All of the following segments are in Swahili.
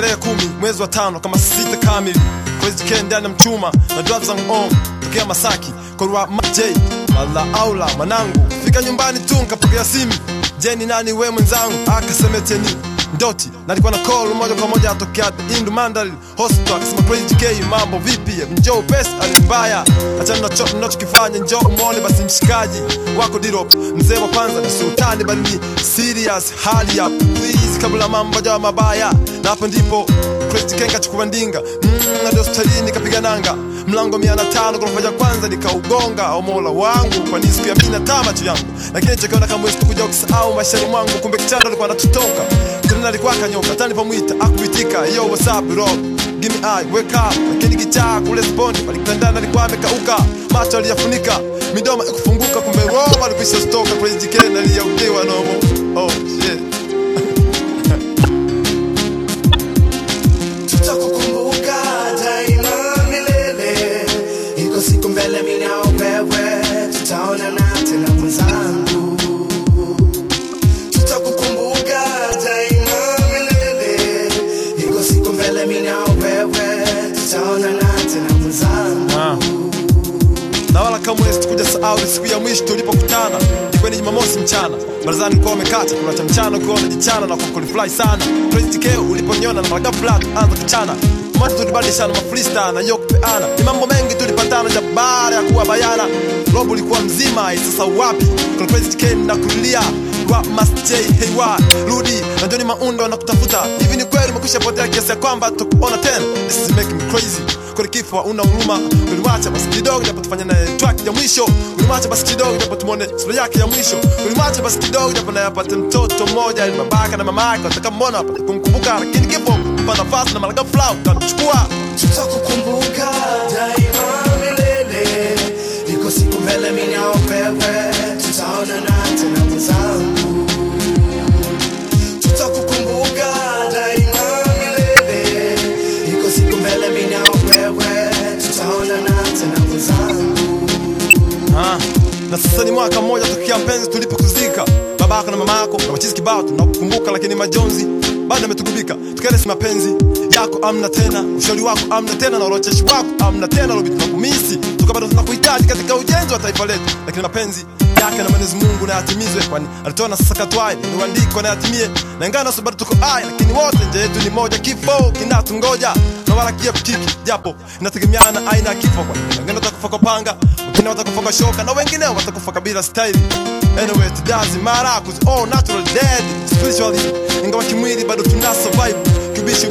tarehe kumi mwezi wa tano kama sita kamili ya mchuma na dravza pokea tokea Masaki korwa mj mala aula manangu fika nyumbani tu nkapokea simu jeni nani we mwenzangu akasemeteni ndoti nalikuwa na call moja kwa moja atokea Indu Mandal Hospital, akisema Praise JK, mambo vipi? Njoo pesa alinibaya, achana na chochote ninachokifanya, njoo umeone basi mshikaji wako Dirop, mzee wa kwanza ni sultani, bali ni serious hali ya please, kabla mambo jawa mabaya, na hapo ndipo Praise JK kachukua ndinga mm, hadi hospitalini kapiga nanga mlango mia tano kwa moja kwanza nikaugonga. O Mola wangu, kwa nini siku ya mimi na tamaa tu yangu, lakini chokiona kama wezi tukuja kusahau maishani mwangu, kumbe kichando alikuwa anatutoka Jina alikuwa kanyoka, tani nilipomwita akuitika. Yo, what's up bro? Give me eye, wake up. Lakini kichaa kule sponi alikutandana, alikuwa amekauka, macho aliyafunika, midomo ikufunguka, kumbe Roma alikwisha stoka. Crazy jikeni aliyaudiwa nomo. Oh shit mwaka mwezi tukuja sahau ni siku ya mwisho tulipokutana ikwe ni jumamosi mchana barazani kwa wamekata kuna cha mchana ukiwa unajichana na kukulifurahi sana keo uliponyona na mara ghafla tuanza kuchana macho tulibadilishana mafrista na nyoka ana ni mambo mengi tulipatana ja baada ya kuwa bayana robo likuwa mzima eh, sasa wapi na kulia kwa masj hewa rudi najoni maundo na kutafuta hivi ni kweli umekwisha potea kiasi ya kwamba tukuona tena this is making me crazy kweli kifo una huruma uliwacha basi kidogo japo tufanye naye track ya mwisho uliwacha basi kidogo japo tumone sura yake ya mwisho uliwacha basi kidogo japo naye apate mtoto mmoja ili yaani mabaka na mama yake wataka mmono apate kumkumbuka lakini kifo mpa nafasi na mara ghafla utamchukua tutakukumbuka na sasa ni mwaka mmoja tukia mpenzi, tulipokuzika yako na mama yako na machizi kibao, tunakukumbuka lakini majonzi bado ametugubika, tukelesi mapenzi yako amna tena, ushauri wako amna tena, na urocheshi wako amna tena, lobi tunakumisi wa taifa letu, lakini mapenzi yake na Mwenyezi Mungu na yatimizwe, kwani alitoa na sasa katwaye iliyoandikwa na yatimie. Na ingana sasa, bado tuko hai, lakini wote nje yetu ni moja, kifo kinatungoja na wala kia kiki, japo inategemeana aina ya kifo, kwani wengine watakufa kwa panga, wengine watakufa kwa shoka, na wengine watakufa kabila style. Anyway, it doesn't matter, cause all natural dead spiritually, ingawa kimwili bado tunas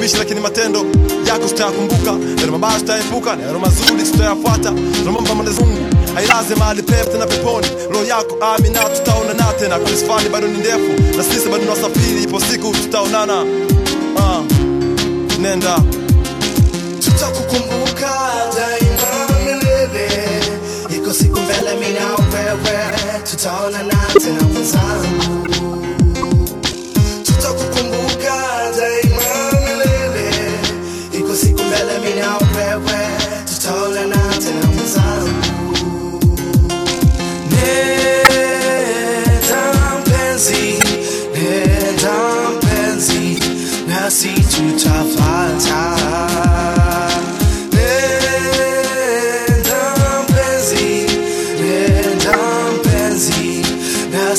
kuishi lakini matendo yako sitayakumbuka. Yale mabaya sitayaepuka na yale mazuri sitayafuata. Tunamwomba Mwenyezi Mungu ailaze mahali pema tena peponi roho yako, amina. Tutaonana tena, safari bado ni ndefu, na sisi bado tunasafiri. Ipo siku tutaonana. Uh, nenda, tutakukumbuka daima milele. Iko siku mbele, mimi na wewe tutaonana tena, mwenzangu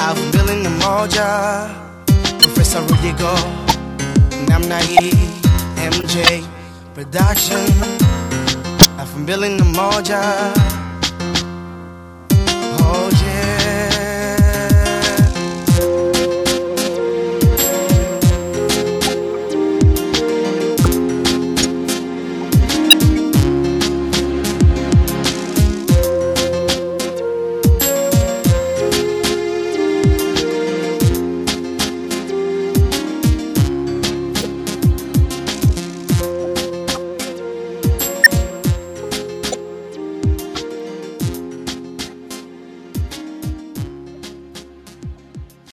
Avumbeleni moja Professor Rudigo Namna MJ Production Avumbeleni moja